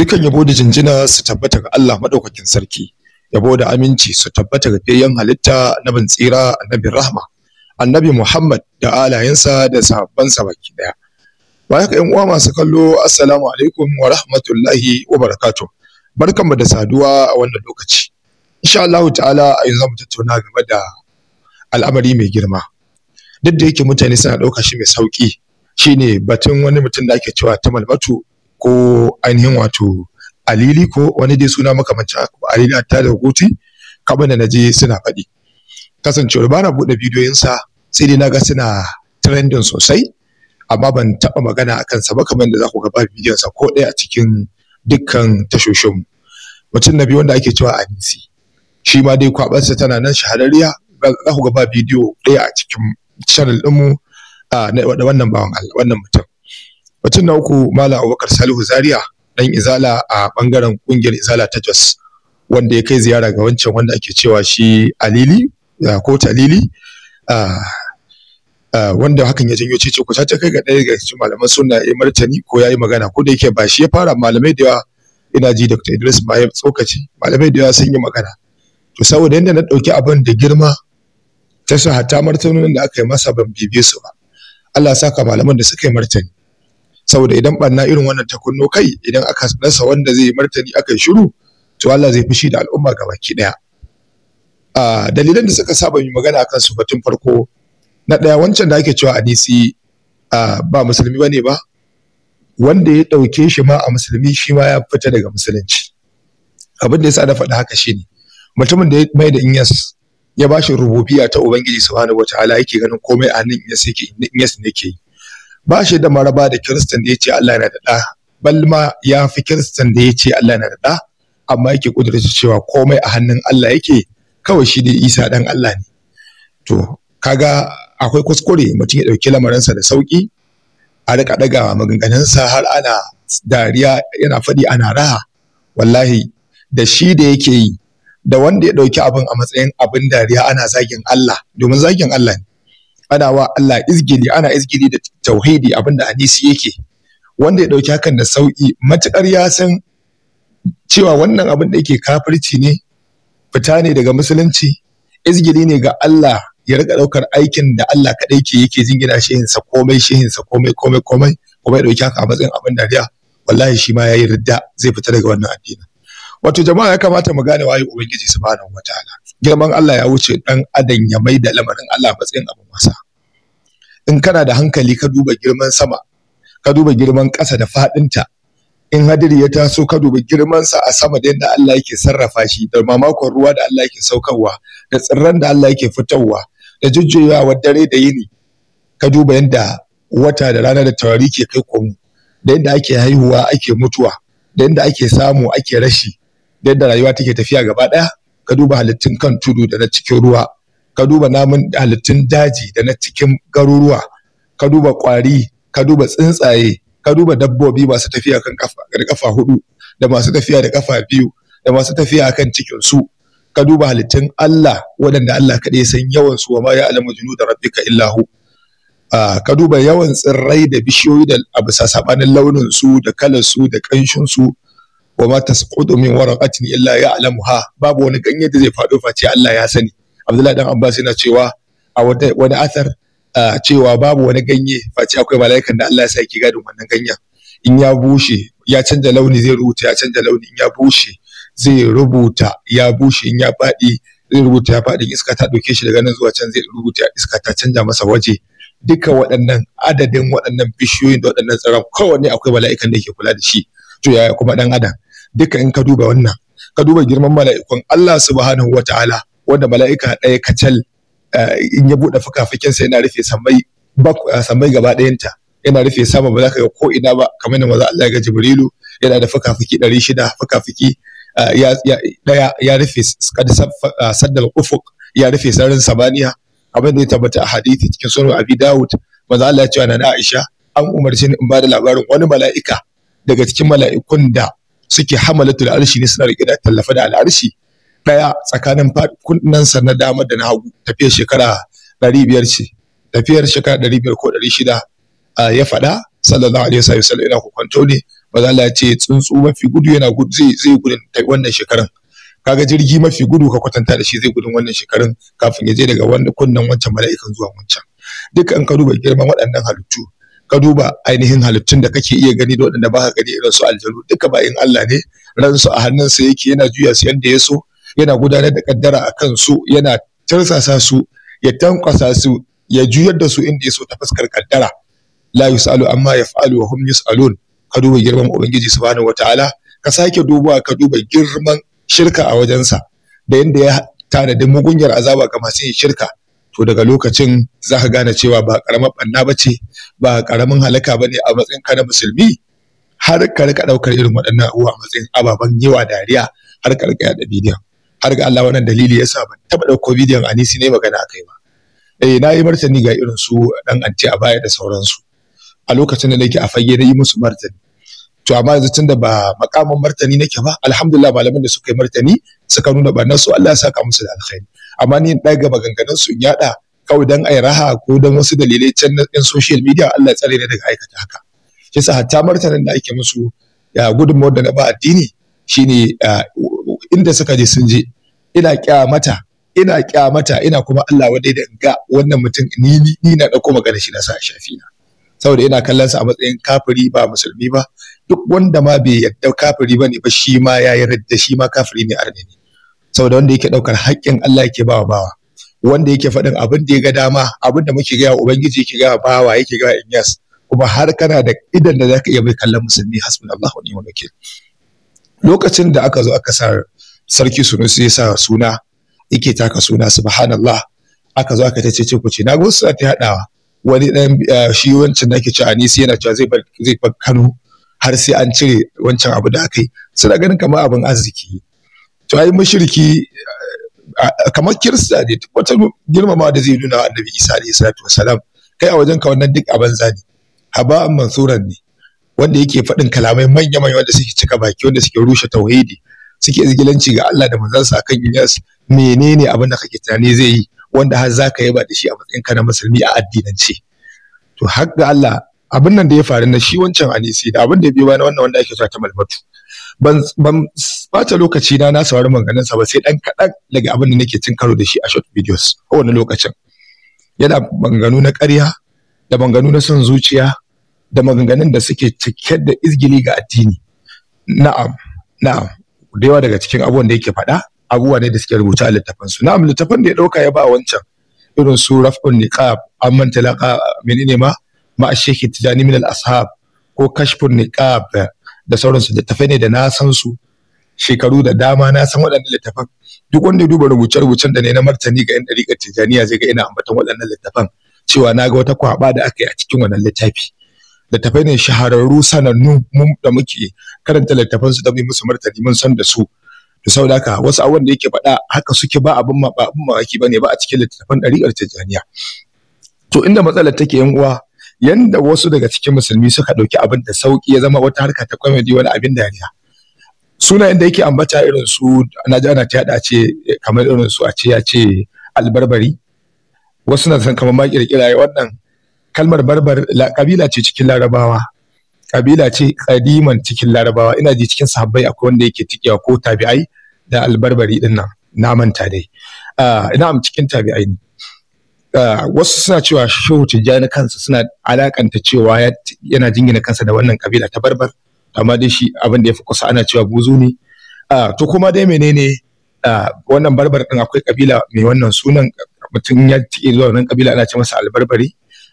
dukan yabo da jinjina su tabbata ga Allah madaukakin sarki yabo da aminci su tabbata ga fiyayyen halitta na bin tsira annabin rahma annabi Muhammad da alayensa da sahabbansa baki daya baya ka yan uwa masu kallo assalamu alaikum wa rahmatullahi wa barakatuh barkanmu da saduwa a wannan lokaci insha Allah ta'ala a yanzu mu tattauna game da al'amari mai girma duk da yake mutane suna ɗauka shi mai sauki shine batun wani mutum da ake cewa ta malmatu ko ainihin wato alili ko wani dai suna makamanci alili a tare da hukuti kamar da na je suna faɗi kasancewar ba na buɗe bidiyoyinsa sai dai na ga suna trending sosai amma ban taɓa magana a kansa ba kamar da za ku ga bidiyonsa ko ɗaya a cikin dukkan tashoshinmu mutum na biyu wanda ake cewa anisi shi ma dai kwaɓarsa tana nan shahararriya za ku ga ba bidiyo ɗaya a cikin channel ɗinmu a wannan bawan wannan mutum Mutum na uku Malam Abubakar Salihu Zaria dan Izala a bangaren kungiyar Izala ta Jos wanda ya kai ziyara ga wancan wanda ake cewa shi Alili ko Talili wanda hakan ya janyo cece ku ta kai ga ɗaya ga cikin malaman suna ya martani ko ya yi magana ko da yake ba shi ya fara malamai da yawa ina ji Dr. Idris Baye tsokaci malamai da yawa sun yi magana to saboda yadda na ɗauki abin da girma ta su hatta martanonin da aka yi masa ban bibiye su ba Allah saka malaman da suka yi martani saboda idan barna irin wannan ta kunno kai idan aka rasa wanda zai martani aka yi shiru to Allah zai fushi da al'umma gabaki daya a dalilan da suka saba mu magana akan su batun farko na daya wancan da ake cewa hadisi ba musulmi bane ba wanda ya dauke shi ma a musulmi shi ma ya fita daga musulunci abin da yasa da faɗi haka shine mutumin da ya mai da inyas ya bashi rububiya ta ubangiji subhanahu wataala yake ganin komai a hannun inyas yake inyas ne ke yi ba shi da maraba da kiristan da ya ce Allah yana da balma ya fi kiristan da ya ce Allah na daɗa. ɗa amma yake kudurta cewa komai a hannun Allah yake kawai shi ne Isa dan Allah ne to kaga akwai kuskure mutum ya ɗauki lamarinsa da sauƙi a rika ɗagawa maganganunsa har ana dariya yana faɗi ana raha wallahi da shi da yake yi da wanda ya ɗauki abin a matsayin abin dariya ana zagin Allah domin zagin Allah ne ana wa Allah izgili ana izgili da tauhidi abinda hadisi yake wanda ya dauki hakan da sauki matukar ya san cewa wannan abin da yake kafirci ne fita ne daga musulunci izgili ne ga Allah ya rika daukar aikin da Allah kadai ke yake jingina shehinsa komai shehinsa komai komai komai kuma ya dauki haka a matsayin abin dariya wallahi shi ma yayi ridda zai fita daga wannan addini wato jama'a ya kamata mu gane waye ubangiji subhanahu wataala girman Allah ya wuce dan adam ya mai da lamarin Allah matsayin abin wasa in kana da hankali ka duba girman sama ka duba girman ƙasa da faɗinta in hadiri ya taso ka duba girmansa a sama da yadda Allah yake sarrafa shi da mamakon ruwa da Allah yake saukarwa da tsirran da Allah yake fitarwa da jujjuyawa dare da yini ka duba yadda wata da rana da taurari ke kai komo da yadda ake haihuwa ake mutuwa da yadda ake samu ake rashi da yadda rayuwa take tafiya gaba ɗaya ka duba halittun kan tudu da na cikin ruwa ka duba namun halittun daji da na cikin garuruwa ka duba kwari ka duba tsuntsaye ka duba dabbobi masu tafiya kan kafa da kafa hudu da masu tafiya da kafa biyu da masu tafiya kan cikin su ka duba halittun Allah waɗanda Allah kaɗai san yawan su wa ma ya alamu junu da rabbika illahu ka duba yawan tsirrai da bishiyoyi da abu sabanin launin su da kalar su da ƙanshin su wa ma tasqutu min waraqatin illa ya'lamuha babu wani ganye da zai fado face Allah ya sani Abdullahi dan Abbas yana cewa a wani athar cewa babu wani ganye face akwai mala'ikan da Allah ya sa yake gadin wannan ganyen in ya bushe ya canja launi zai rubuta ya canja launi in ya bushe zai rubuta ya bushe in ya fadi zai rubuta ya faɗi iska ta ɗauke shi daga nan zuwa can zai rubuta iska ta canza masa waje duka waɗannan adadin waɗannan bishiyoyin da waɗannan tsaron kowanne akwai mala'ikan da ke kula da shi to yaya kuma ɗan adam duka in ka duba wannan ka duba girman mala'ikun Allah subhanahu wa Ta'ala, wanda mala'ika ɗaya kacal eh, in ya buɗe sa yana rufe bak eh, samai gaba ɗayanta yana rufe sama ba za ka ga ko ina ba kamar yadda maza Allah ya ga Jibrilu yana da fukafuki ɗari shida fukafuki eh, ɗaya ya rufe saddal ufuq ya rufe sararin samaniya abin da ya tabbata a hadithi cikin sunan Abi Dawud maza Allah ya ce wa Aisha an umarci in ba da labarin wani mala'ika daga cikin mala'ikun da suke da arshi ne suna rike da tallafa da al'arshi daya tsakanin kunnan sa na dama da na hagu tafiyar shekara 500 ce tafiyar shekara 500 ko 600 ya faɗa sallallahu alaihi wasallam yana kwanto ne Ba za ya ce tsuntsu mafi gudu yana gudu zai zai gudun wannan shekaran kaga jirgi mafi gudu ka kwatanta da shi zai gudun wannan shekarun kafin ya je daga wannan kunnan wancan mala'ikan zuwa wancan duka in ka duba girman waɗannan halittu ka duba ainihin halittun da kake iya gani da waɗanda ba ka gani irin su aljanu duka bayin Allah ne ransu a hannunsa yake yana juya su yanda ya so yana gudanar da kaddara a kan su yana tirsasa su ya tankwasa su ya juyar da su inda ya so ta fuskar kaddara la yusalu amma yaf'alu wa hum yusalun ka duba girman ubangiji subhanahu wataala ka sake dubawa ka duba girman shirka a wajensa da yanda ya tanadi mugunyar azaba ga masu yin shirka to daga lokacin za ka gane cewa ba karamar banna ba ce ba karamin halaka ba ne a matsayin ka na musulmi har ka rika daukar irin waɗannan abubuwa a matsayin ababen yawa dariya har ka rika yada bidiyon har ga Allah wannan dalili yasa ban taba dauko bidiyon Anisi ne magana a kai ba eh na yi martani ga irin su dan anti a baya da sauransu a lokacin da nake a fage na yi musu martani to amma yanzu tunda ba makamin martani nake ba alhamdulillah malaman da suka yi martani suka nuna ba su Allah ya saka musu da alkhairi amma ni dai ga maganganun su in yaɗa kawai dan ai raha ko dan wasu dalilai can na social media Allah ya tsare ni daga aikata haka shi sa hatta martanin da ake musu ya gudunmawar da na ba addini shine inda suka je sun je ina kyamata ina kyamata ina kuma Allah wadai da ga wannan mutum ni ni na dauko magana shi na sa shafi na saboda yana kallon sa a matsayin kafiri ba musulmi ba duk wanda ma bai yadda kafiri bane ba shi ma ya yarda shi ma kafiri ne arne ne saboda wanda yake daukar haƙƙin Allah yake bawa bawa wanda yake faɗin abin da ya ga dama abin da muke gaya ubangiji yake gaya bawa yake gaya inyas kuma har kana da idan da zaka iya mai kallon musulmi hasbunallahu wa ni'mal wakil lokacin da aka zo aka sa sarki sunusi ya sa suna yake taka suna subhanallah aka zo aka tace ce ku ce na suna ta hadawa wani dan eh, shi wancan nake ci anisi yana cewa zai bar zai bar Kano har sai an cire wancan abu da aka yi suna ganin kamar abin arziki to ai mushriki eh, kamar kirista ne wata girmama da zai nuna annabi Isa alayhi salatu wasalam kai a wajen ka wannan duk abin zani haba an mansuran ne wanda yake faɗin kalamai manya manya wanda suke cika baki wanda suke rushe tauhidi suke zigilanci ga Allah da manzansa akan Ilyas menene abin da kake tunani zai yi wanda har za ka yaba da shi a matsayin ka musulmi a addinance to har ga Allah abin nan da ya faru na shi wancan anisi da abin da ya biyo bayan wannan wanda ake sa ta malmatu ban ban bata lokaci na na saurari maganin sa ba sai dan kadan daga abin da nake cin karo da shi a short videos a wannan lokacin yana maganganu na ƙarya da maganganu na son zuciya da maganganun da suke cike da izgili ga addini na'am na'am da yawa daga cikin abubuwan da yake faɗa abubuwa ne da suke rubuta a littafan su na'am littafan da ya dauka ya ba wancan irin su raf'un niqab amman laqa menene ma ma shekhi tijani min al-ashab ko kashfun niqab da sauransu littafai ne da na san su shekaru da dama na san waɗannan littafan duk wanda ya duba rubuce-rubucen da ne na martani ga 'yan ɗariƙar tijaniya zai ga ina ambatan waɗannan littafan cewa na ga wata kwaba da aka yi a cikin wannan littafi littafai ne shahararru sanannu mun da muke karanta littafan da mu musu martani mun san da su da haka wasu abubuwan da yake faɗa haka suke ba abin ba abin bane ba a cikin littattafan ɗariƙar tijjaniya to inda matsalar take yan uwa yanda wasu daga cikin musulmi suka ɗauki abin da sauƙi ya zama wata harka ta comedy wani abin dariya suna da yake ambata irin su na ji ana a ce eh, kamar irin su a ce ya ce albarbari wasu na san kamar ma kirkira wannan kalmar barbar kabila ce cikin larabawa kabila ce kadiman cikin larabawa ina ji cikin sahabbai akwai wanda yake wa ko tabi'ai da albarbari din nan na manta dai ina ah, am cikin tabi'ai ne ah, wasu suna cewa shehu na kansa suna alakanta cewa yana jingina kansa da wannan kabila ta barbar amma dai shi abin da ya fi kusa ana cewa buzu ne ah, to kuma dai menene wannan barbar din akwai kabila mai wannan sunan mutum ya tike zuwa wannan kabila ana ce masa albarbari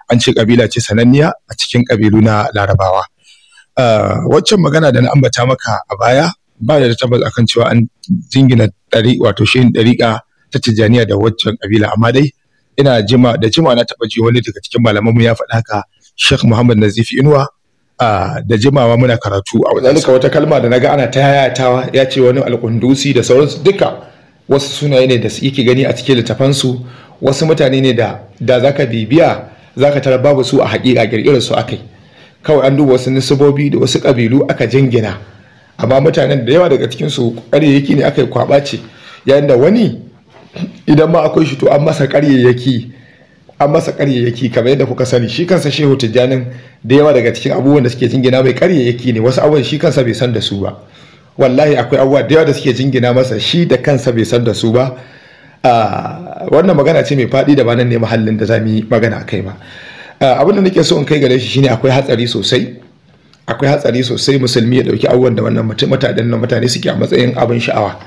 an ce kabila ce sananniya a cikin kabilu na larabawa Eh, waccan magana da na ambata maka a baya ba da tabbas akan cewa an jingina ɗari wato shehin ɗariƙa ta tijjaniya da waccan ƙabila amma dai ina jima da jima na taɓa ji wani daga cikin malamanmu ya faɗa haka Sheikh Muhammad Nazifi Inuwa eh, da jimawa muna karatu a wajen wata kalma da naga ana ta yayatawa ya ce wani alƙundusi da sauransu duka wasu sunaye ne da yake gani a cikin littafansu wasu mutane ne da da zaka bibiya zaka tarar babu su a haƙiƙa ƙirƙirar su akai kawai an duba wasu nisibobi da wasu ƙabilu aka jingina amma mutanen da yawa daga cikin su ƙaryayyaki ne aka yi kwaɓa ce yayin da wani idan ma akwai shi to an masa yake an masa yake kamar yadda kuka sani shi kansa shehu tijjanin da yawa daga cikin abubuwan da suke jingina mai ƙaryayyaki ne wasu abubuwan shi kansa bai san da su ba wallahi akwai abubuwa da yawa da suke jingina masa shi da kansa bai san da su ba ah, wannan magana ce mai faɗi da ba nan ne muhallin da za mu yi magana a kai ba Eh, abin da nake so in kai gare shi shine akwai hatsari sosai akwai hatsari sosai musulmi ya dauki abubuwan da wannan mutanen nan mutane suke a matsayin abin sha'awa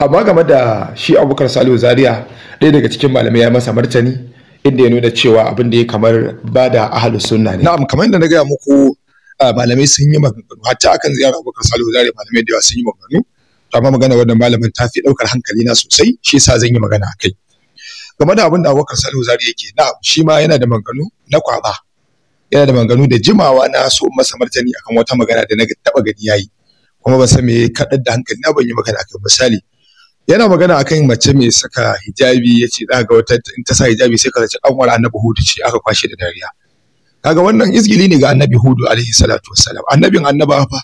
amma game da shi abubakar salihu zaria ɗaya daga cikin malamai ya masa martani inda ya nuna cewa abin da ya kamar ba da ahalus sunna ne na'am kamar yadda na gaya muku eh, malamai sun yi maganganu hatta akan ziyarar abubakar salihu zaria malamai da yawa sun yi maganganu to amma magana wannan malamin ta fi ɗaukar hankali na sosai shi yasa zan yi magana akai kai game da abin da bakar salihu zari yake na shi ma yana da manganu na kwaba yana da manganu da jimawa na so masa martani akan wata magana da na taba gani yayi kuma ba san me ya da hankali na ban yi magana akan misali yana magana akan mace mai saka hijabi ya ce za ga wata in ta sa hijabi sai ka zaci kanwar annabi hudu ce aka kwashe da dariya kaga wannan izgili ne ga annabi hudu alaihi salatu wassalam annabin annaba fa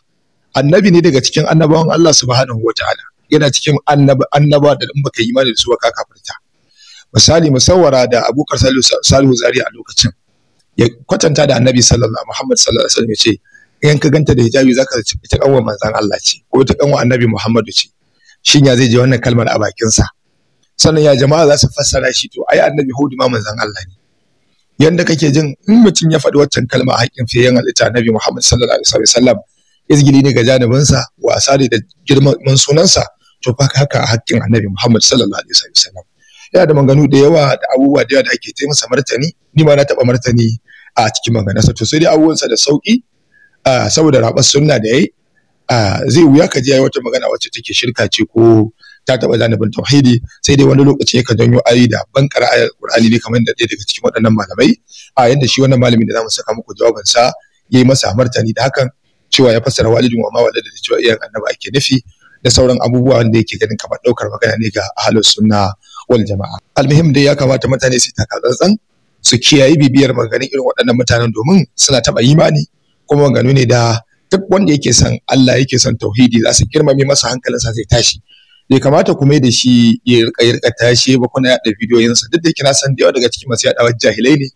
annabi ne daga cikin annabawan Allah subhanahu wataala yana cikin annaba annaba da in baka imani da su ba ka kafirta misali musawwara da abokar salihu zari a lokacin ya kwatanta da annabi sallallahu muhammad sallallahu alaihi wasallam ya ce idan ka ganta da hijabi zaka ce ita kanwa manzon Allah ce ko ita kanwa annabi muhammadu ce shin ya zai je wannan kalmar a bakin sa sannan ya jama'a za su fassara shi to ai annabi hudu ma manzon Allah ne yanda kake jin in mutum ya faɗi waccan kalma haƙƙin fiyayen halitta annabi muhammad sallallahu alaihi wasallam izgili ne ga sa wasa ne da girman sa to fa haka hakkin annabi muhammad sallallahu alaihi wasallam yana da manganu da yawa da abubuwa da yawa da ake ta masa martani ni ma na taɓa martani a cikin sa to sai dai abubuwansa da sauƙi saboda raɓar sunna da yayi zai wuya ka ji yayi wata magana wacce take shirka ce ko ta taɓa zanibin tauhidi sai dai wani lokaci ka janyo ayi da ban ayar qur'ani ne kamar da daga cikin waɗannan malamai a yadda shi wannan malamin da zamu saka muku jawabansa yi masa martani da hakan cewa ya fassara walidin wa ma da cewa iyayen annabi ake nufi da sauran abubuwa wanda yake ganin kamar ɗaukar magana ne ga ahlus sunna wal jama'a almuhim dai ya kamata mutane su taka tsantsan su kiyaye bibiyar maganin irin waɗannan mutanen domin suna taɓa imani kuma maganu ne da duk wanda yake son Allah yake son tauhidi za su girmame masa hankalinsa zai tashi bai kamata kuma da shi ya rika ya rika tashi ba kuna yaɗa bidiyoyinsa duk da yake na san da yawa daga cikin masu yaɗa jahilai ne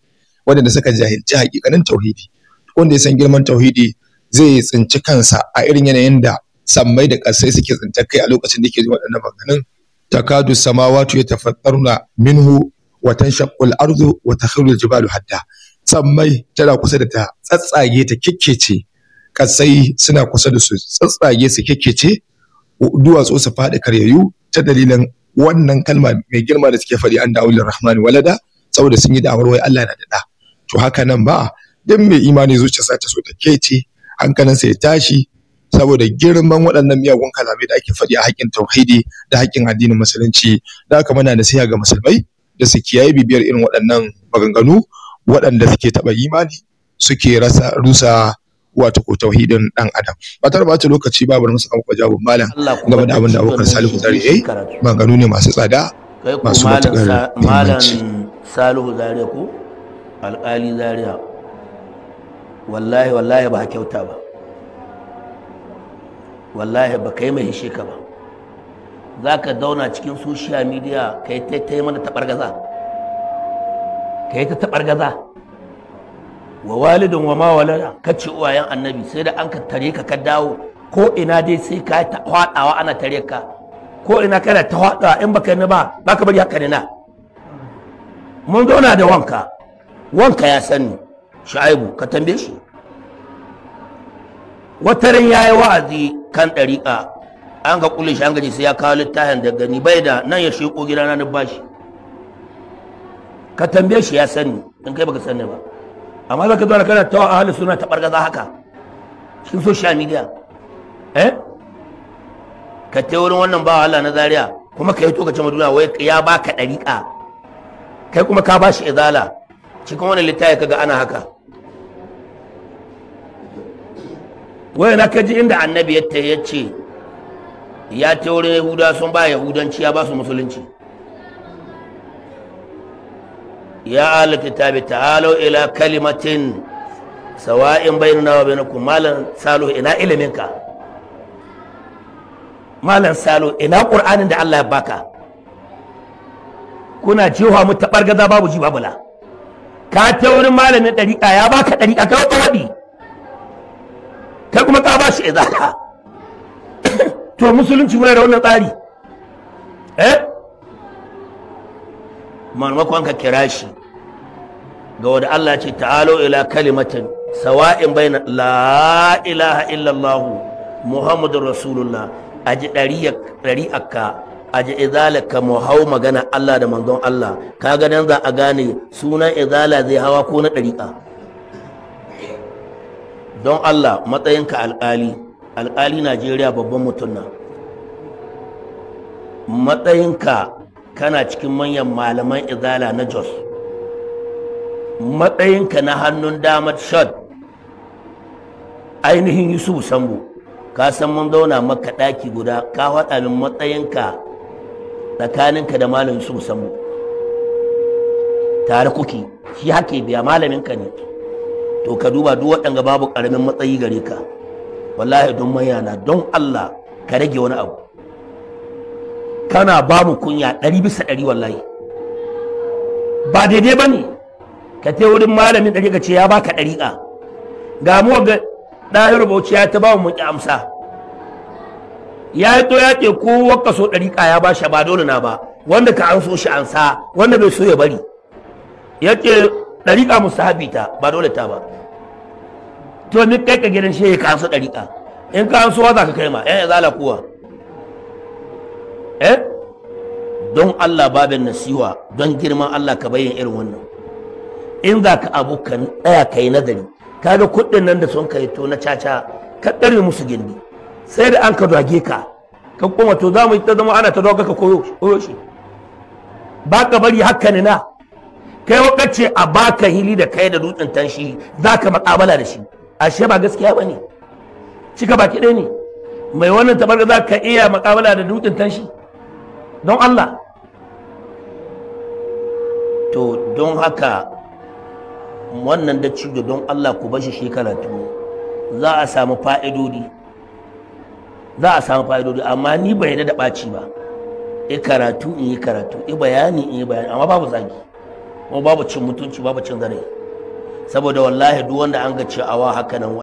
waɗanda suka jahilci hakikanin tauhidi wanda ya san girman tauhidi zai tsinci kansa a irin yanayin da sammai da ƙasai suke tsinci kai a lokacin da yake zuwa waɗannan maganin takadu samawati yatafattaruna minhu wa tanshaqqu al-ardu wa takhiru al-jibalu hadda sammai tana kusa da ta tsatsage ta kikkece kasai suna kusa da su tsatsage su kikkece duwatsu su faɗi karyayu ta dalilin wannan kalma mai girma da suke faɗi an da'ul rahman walada saboda sun yi da'awar wai Allah na daɗa. to haka nan ba duk mai imani zuciyarsa ta so ta kece hankalinsa ya tashi saboda girman waɗannan miyagun kalamai da ake faɗi a haƙƙin tauhidi da haƙƙin addinin musulunci da aka muna nasiha ga musulmai da su kiyaye bibiyar irin waɗannan maganganu waɗanda suke taɓa imani suke rasa rusa wato ko tauhidin ɗan adam ba tare ba ta lokaci ba bari musu abubuwa jawabin malam game da abin da abokan salihu zari yayi maganganu ne masu tsada masu matukar malam salihu zari ko alƙali zariya wallahi wallahi ba kyauta ba wallahi ba kai mai hishe ka ba za ka dauna cikin social media ka yi ta mana taɓargaza ka yi ta taɓargaza wa walidin wa ma walada ka ce uwayen annabi sai da an ka tare ka ka dawo ko ina dai sai ka ta hwadawa ana tare ka ko ina kana ta hwadawa in baka ni ba ba ka bari haka ni na mun zauna da wanka wanka ya sani shu'aibu ka tambaye shi wata ya yi wa'azi kan ɗariƙa an ka kulle shi an gaji sai ya kawo littafin da gani bai da nan ya sheko gidana na bashi ka tambaye shi ya sani in kai baka sani ba amma zaka zo kana tawa ahli suna ta bargaza haka cikin social media eh ka ta wurin wannan ba Allah na zaria kuma ka yi to ka ce maduna wai ya baka ɗariƙa. kai kuma ka bashi izala cikin wannan littafi kaga ana haka wai na kaji inda annabi ya ta yace ya ta wurin yahuda sun ba yahudanci ya ba su musulunci ya ahli kitabi ta'alu ila kalimatin sawa'in bainana wa bainakum malan salo ina ilimin ka? malan salo ina qur'anin da Allah ya baka kuna cewa mu gaza babu ji babula ka ta wurin malamin dariƙa ya baka dariƙa ka wadi kai kuma ka ba shi izala to musulunci muna da wannan tsari eh maimakon ka kira shi ga wanda Allah ce ta'alo ila kalimatin sawa'in bayna la ilaha illallah muhammadur rasulullah aji dariyakka aji izalaka mu hau magana Allah da manzon Allah ka ganin za a gane sunan izala zai hawa ko na ɗariƙa don Allah matsayinka alƙali alƙali Najeriya babban mutum na matsayinka kana cikin manyan malaman izala na Jos matsayinka na hannun damar shot ainihin Yusuf Sambo ka san mun zauna maka ɗaki guda ka faɗa min matsayinka tsakaninka da malam Yusuf Sambo tare kuki shi hake biya malaminka ne to ka duba duk waɗanda babu ƙaramin matsayi gare ka wallahi don mayana don Allah ka rage wani abu kana ba mu kunya ɗari bisa ɗari wallahi ba daidai ba ne ka te wurin malamin ɗari ka ce ya baka ka. ga mu ga ɗahir bauchi ya ta ba mu muƙi amsa ya yi to ya ce kowa ɗari ka ya ba shi ba dole na ba wanda ka an so shi an sa wanda bai so ya bari ya ce ɗariƙa musahabi ta ba dole ta ba to ni kai ka gidan shehi ka ansa ɗariƙa in ka anso wa za ka kai ma yan izala kuwa eh don Allah babin nasiwa don girman Allah ka bayyana irin wannan in za ka abu ɗaya ka yi nazari ka ga kuɗin nan da sun kai to na caca ka ɗare musu gindi sai da an ka dage ka ka koma to za mu yi ta zama ana ta doga ka koyo ba ka bari haka ne na kai wakace a baka hili da kai da dutsen tanshi za ka makabala da shi ashe ba gaskiya ba ne cika baki dai ne mai wannan tabarga za ka iya makabala da dutsen tanshi don Allah to don haka wannan da da don Allah ku bashi shi karatu za a samu fa'idodi za a samu fa'idodi amma ni bai da ɓaci ba e karatu in yi karatu e bayani in yi bayani amma babu zagi kuma babu cin mutunci babu cin gare saboda wallahi duk wanda an ga awa haka nan